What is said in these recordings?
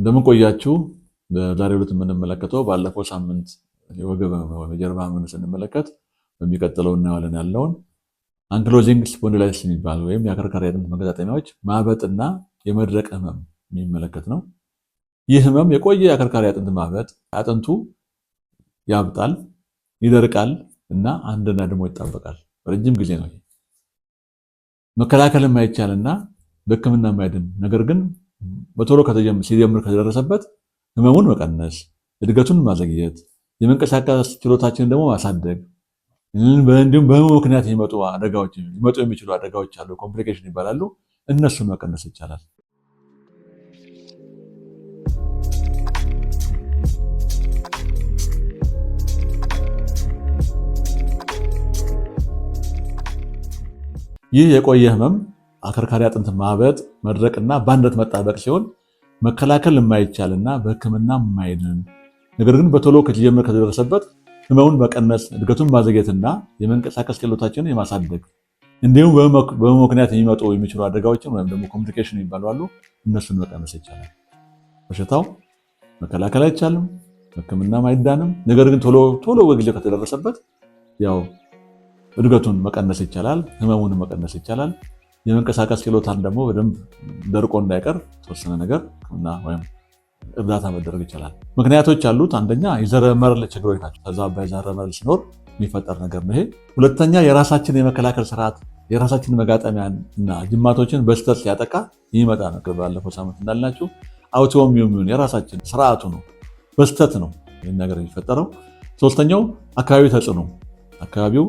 እንደምንቆያችው በዛሬ ሁለት የምንመለከተው ባለፈው ሳምንት የወገብ ህመም የጀርባ ህመም ስንመለከት በሚቀጥለው እናየዋለን ያለውን አንክሎዚንግ ስፖንዲላይትስ የሚባል ወይም የአከርካሪ አጥንት መገጣጠሚያዎች ማበጥና የመድረቅ ህመም የሚመለከት ነው። ይህ ህመም የቆየ የአከርካሪ አጥንት ማበጥ፣ አጥንቱ ያብጣል፣ ይደርቃል እና አንድና ደግሞ ይጣበቃል። ረጅም ጊዜ ነው። መከላከል የማይቻልና በህክምና የማይድን ነገር ግን በቶሎ ሲጀምር ከተደረሰበት ህመሙን መቀነስ፣ እድገቱን ማዘግየት፣ የመንቀሳቀስ ችሎታችንን ደግሞ ማሳደግ እንዲሁም በህመሙ ምክንያት የሚመጡ አደጋዎች ሊመጡ የሚችሉ አደጋዎች አሉ፣ ኮምፕሊኬሽን ይባላሉ። እነሱን መቀነስ ይቻላል። ይህ የቆየ ህመም አከርካሪ አጥንት ማበጥ መድረቅና በአንድረት መጣበቅ ሲሆን መከላከል የማይቻልና በሕክምና የማይድን ነገር ግን በቶሎ ከተጀመረ ከተደረሰበት ህመሙን መቀነስ እድገቱን ማዘግየትና የመንቀሳቀስ ችሎታችንን የማሳደግ እንዲሁም በህመም ምክንያት የሚመጡ የሚችሉ አደጋዎችን ወይም ደግሞ ኮምፕሊኬሽን የሚባሉ አሉ እነሱን መቀነስ ይቻላል። በሽታው መከላከል አይቻልም፣ ህክምና አይዳንም። ነገር ግን ቶሎ ቶሎ በጊዜ ከተደረሰበት ያው እድገቱን መቀነስ ይቻላል፣ ህመሙን መቀነስ ይቻላል። የመንቀሳቀስ ችሎታን ደግሞ በደንብ ደርቆ እንዳይቀር ተወሰነ ነገር ሕክምና ወይም እርዳታ መደረግ ይቻላል። ምክንያቶች አሉት። አንደኛ የዘረመል ችግሮች ናቸው። ተዛባ የዘረመል ሲኖር የሚፈጠር ነገር ነው ይሄ። ሁለተኛ የራሳችን የመከላከል ስርዓት የራሳችን መጋጠሚያ እና ጅማቶችን በስተት ሲያጠቃ የሚመጣ ነገር ባለፈው ሳምንት እንዳልናችሁ አውቶሚሚን የራሳችን ስርዓቱ ነው፣ በስተት ነው ይህን ነገር የሚፈጠረው። ሶስተኛው አካባቢ ተጽዕኖ አካባቢው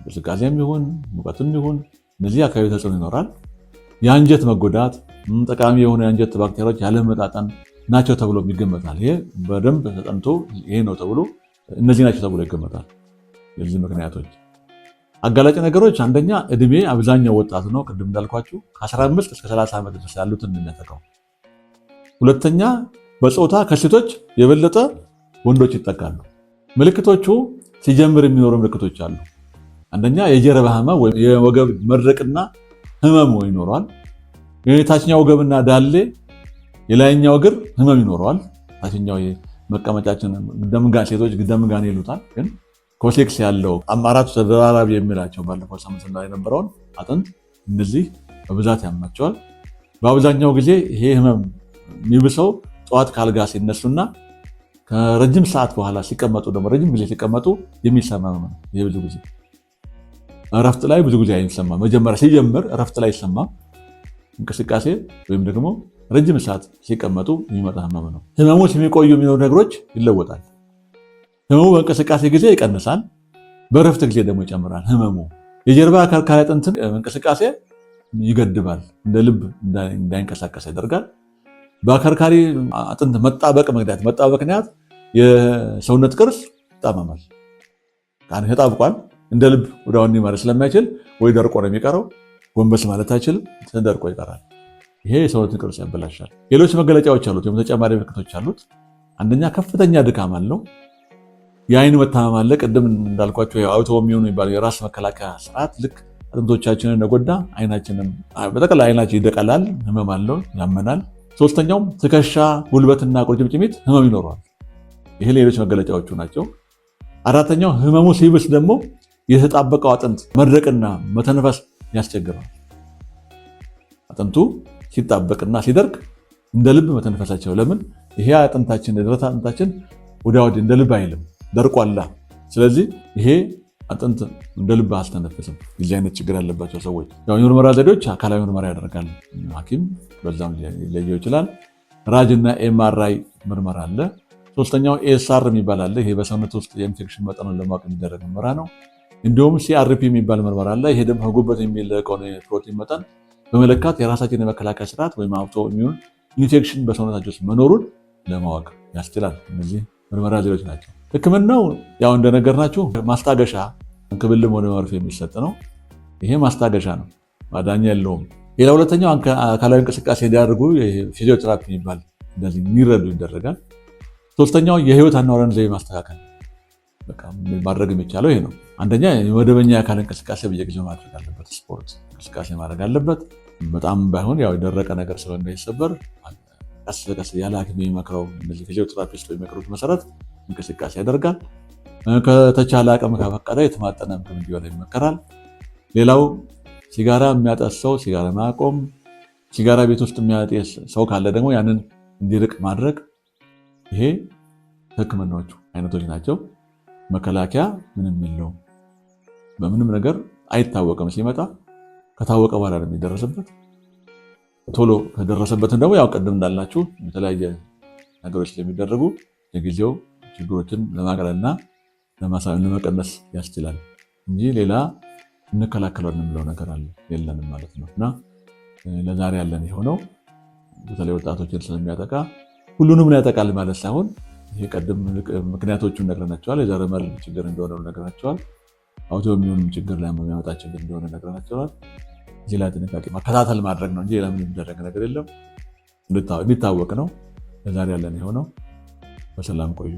እንቅስቃሴም ይሁን ሙቀትም ይሁን እነዚህ አካባቢ ተጽዕኖ ይኖራል። የአንጀት መጎዳት፣ ጠቃሚ የሆኑ የአንጀት ባክቴሪያዎች ያለመጣጣም ናቸው ተብሎ ይገመታል። ይሄ በደንብ ተጠንቶ ይሄ ነው ተብሎ እነዚህ ናቸው ተብሎ ይገመታል። የዚህ ምክንያቶች አጋላጭ ነገሮች አንደኛ እድሜ አብዛኛው ወጣት ነው። ቅድም እንዳልኳችሁ ከ15 እስከ 30 ዓመት ድረስ ያሉትን የሚያጠቃው። ሁለተኛ በፆታ ከሴቶች የበለጠ ወንዶች ይጠቃሉ። ምልክቶቹ ሲጀምር የሚኖሩ ምልክቶች አሉ። አንደኛ የጀርባ ህመም ወይም የወገብ መድረቅና ህመም ይኖረዋል። የታችኛው ወገብና ዳሌ፣ የላይኛው እግር ህመም ይኖረዋል። ታችኛው መቀመጫችን ሴቶች ደምጋን ይሉታል፣ ግን ኮሴክስ ያለው አማራጭ ተደራራቢ የሚላቸው ባለፈው ሳምንት ላይ የነበረውን አጥንት እነዚህ በብዛት ያማቸዋል። በአብዛኛው ጊዜ ይሄ ህመም የሚብሰው ጠዋት ካልጋ ሲነሱና ከረጅም ሰዓት በኋላ ሲቀመጡ ደግሞ ረጅም ጊዜ ሲቀመጡ የሚሰማ ነው ብዙ ጊዜ እረፍት ላይ ብዙ ጊዜ አይሰማ። መጀመሪያ ሲጀምር እረፍት ላይ ይሰማ። እንቅስቃሴ ወይም ደግሞ ረጅም ሰዓት ሲቀመጡ የሚመጣ ህመም ነው። ህመሙ የሚቆዩ የሚኖሩ ነገሮች ይለወጣል። ህመሙ በእንቅስቃሴ ጊዜ ይቀንሳል፣ በእረፍት ጊዜ ደግሞ ይጨምራል። ህመሙ የጀርባ አከርካሪ አጥንትን እንቅስቃሴ ይገድባል፣ እንደ ልብ እንዳይንቀሳቀስ ያደርጋል። በአከርካሪ አጥንት መጣበቅ ምክንያት መጣበቅ ምክንያት የሰውነት ቅርስ ይጣመማል። ተጣብቋል እንደ ልብ ወደ አሁን ማለት ስለማይችል ወይ ደርቆ ነው የሚቀረው፣ ጎንበስ ማለት አይችልም፣ ደርቆ ይቀራል። ይሄ የሰውነትን ቅርጽ ያበላሻል። ሌሎች መገለጫዎች አሉት ወይም ተጨማሪ ምልክቶች አሉት። አንደኛ ከፍተኛ ድካም አለው። የአይን መታመም አለ። ቅድም እንዳልኳቸው አውቶ የሚሆኑ የሚባለው የራስ መከላከያ ስርዓት ልክ አጥንቶቻችንን እንደጎዳ አይናችንም በጠቅላላ አይናችን ይደቀላል፣ ህመም አለው፣ ያመናል። ሶስተኛውም ትከሻ፣ ጉልበትና ቁርጭምጭሚት ህመም ይኖረዋል። ይሄ ሌሎች መገለጫዎቹ ናቸው። አራተኛው ህመሙ ሲብስ ደግሞ የተጣበቀው አጥንት መድረቅና መተንፈስ ያስቸግራል አጥንቱ ሲጣበቅና ሲደርቅ እንደ ልብ መተንፈሳቸው ለምን ይሄ አጥንታችን የደረት አጥንታችን ወዲያ ወዲህ እንደ ልብ አይልም፣ ደርቋላ። ስለዚህ ይሄ አጥንት እንደ ልብ አልተነፈስም። የዚህ አይነት ችግር ያለባቸው ሰዎች ያው የምርመራ ዘዴዎች አካላዊ ምርመራ ያደርጋል ሐኪም በዛም ሊለየው ይችላል። ራጅና ኤምአርአይ ምርመራ አለ። ሶስተኛው ኤስአር የሚባል አለ። ይሄ በሰውነት ውስጥ የኢንፌክሽን መጠኑን ለማወቅ የሚደረግ ምርመራ ነው። እንዲሁም ሲአርፒ የሚባል ምርመራ አለ። ይሄ ደግሞ ከጉበት የሚለቀውን ፕሮቲን መጠን በመለካት የራሳችን የመከላከያ ስርዓት ወይም አውቶ ኢሚዩን ኢንፌክሽን በሰውነታቸው ውስጥ መኖሩን ለማወቅ ያስችላል። እነዚህ ምርመራ ዘዴዎች ናቸው። ህክምናው ያው እንደነገርናችሁ ማስታገሻ ክብልም ሆነ መርፌ የሚሰጥ ነው። ይሄ ማስታገሻ ነው፣ ማዳኛ የለውም። ሌላ ሁለተኛው አካላዊ እንቅስቃሴ እንዲያደርጉ ፊዚዮቴራፒ የሚባል እንደዚህ የሚረዱ ይደረጋል። ሶስተኛው የህይወት አኗኗር ዘይቤ ማስተካከል ማድረግ የሚቻለው ይሄ ነው። አንደኛ የመደበኛ የአካል እንቅስቃሴ በየጊዜው ማድረግ አለበት። ስፖርት እንቅስቃሴ ማድረግ አለበት። በጣም ባይሆን ያው የደረቀ ነገር ስለማይሰበር ቀስ በቀስ ያለ ሐኪም የሚመክረው እነዚህ ጊዜ ትራፒስት በሚመክሩት መሰረት እንቅስቃሴ ያደርጋል። ከተቻለ አቅም ከፈቀደ የተማጠነ ምግብ እንዲበላ ይመከራል። ሌላው ሲጋራ የሚያጠስ ሰው ሲጋራ ማቆም፣ ሲጋራ ቤት ውስጥ የሚያጤስ ሰው ካለ ደግሞ ያንን እንዲርቅ ማድረግ። ይሄ ህክምናዎቹ አይነቶች ናቸው። መከላከያ ምንም የለውም። በምንም ነገር አይታወቅም። ሲመጣ ከታወቀ በኋላ ነው የሚደረስበት። ቶሎ ከደረሰበትን ደግሞ ያው ቅድም እንዳልናችሁ የተለያየ ነገሮች ስለሚደረጉ የጊዜው ችግሮችን ለማቅለልና ለመቀነስ ያስችላል እንጂ ሌላ እንከላከለን የምለው ነገር አለ የለንም ማለት ነው። እና ለዛሬ ያለን የሆነው በተለይ ወጣቶችን ስለሚያጠቃ ሁሉንም ነው ያጠቃል ማለት ሳይሆን ይሄ ቅድም ምክንያቶቹን ነግረናቸዋል። የዘረመል ችግር እንደሆነ ነግረናቸዋል። አውቶ የሚሆን ችግር ላይ የሚያመጣ ችግር እንደሆነ ነግረናቸዋል። እዚህ ላይ ጥንቃቄ መከታተል ማድረግ ነው እንጂ ለምን የሚደረግ ነገር የለም። እንዲታወቅ ነው። ለዛሬ ያለን የሆነው። በሰላም ቆዩ።